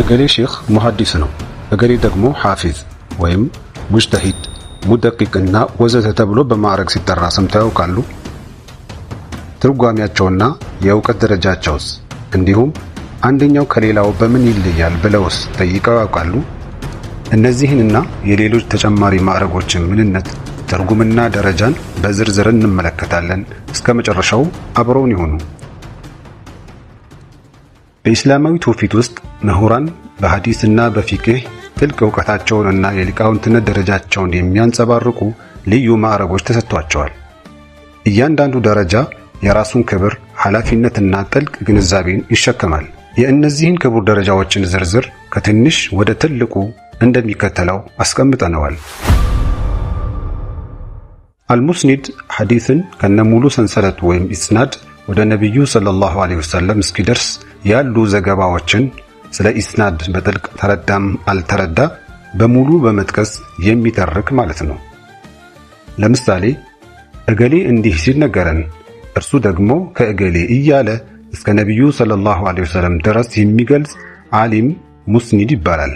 እገሌ ሼክ ሙሐዲስ ነው፣ እገሌ ደግሞ ሐፊዝ ወይም ሙጅተሂድ ሙደቂቅና ወዘተ ተብሎ በማዕረግ ሲጠራ ሰምተው ያውቃሉ? ትርጓሚያቸውና የእውቀት ደረጃቸውስ እንዲሁም አንደኛው ከሌላው በምን ይለያል ብለውስ ጠይቀው ያውቃሉ? እነዚህንና የሌሎች ተጨማሪ ማዕረጎችን ምንነት፣ ትርጉምና ደረጃን በዝርዝር እንመለከታለን። እስከ መጨረሻው አብረውን ይሆኑ በኢስላማዊ ትውፊት ውስጥ ምሁራን በሐዲስና እና በፊቅህ ጥልቅ እውቀታቸውን እና የሊቃውንትነት ደረጃቸውን የሚያንጸባርቁ ልዩ ማዕረጎች ተሰጥቷቸዋል። እያንዳንዱ ደረጃ የራሱን ክብር፣ ኃላፊነትና ጥልቅ ግንዛቤን ይሸከማል። የእነዚህን ክቡር ደረጃዎችን ዝርዝር ከትንሽ ወደ ትልቁ እንደሚከተለው አስቀምጠነዋል። አልሙስኒድ ሐዲስን ከነሙሉ ሰንሰለቱ ወይም ኢስናድ ወደ ነቢዩ ሰለላሁ ዐለይሂ ወሰለም እስኪደርስ ያሉ ዘገባዎችን ስለ ኢስናድ በጥልቅ ተረዳም አልተረዳ በሙሉ በመጥቀስ የሚተርክ ማለት ነው። ለምሳሌ እገሌ እንዲህ ሲል ነገረን፣ እርሱ ደግሞ ከእገሌ እያለ እስከ ነቢዩ ሰለላሁ ዐለይሂ ወሰለም ድረስ የሚገልጽ ዓሊም ሙስኒድ ይባላል።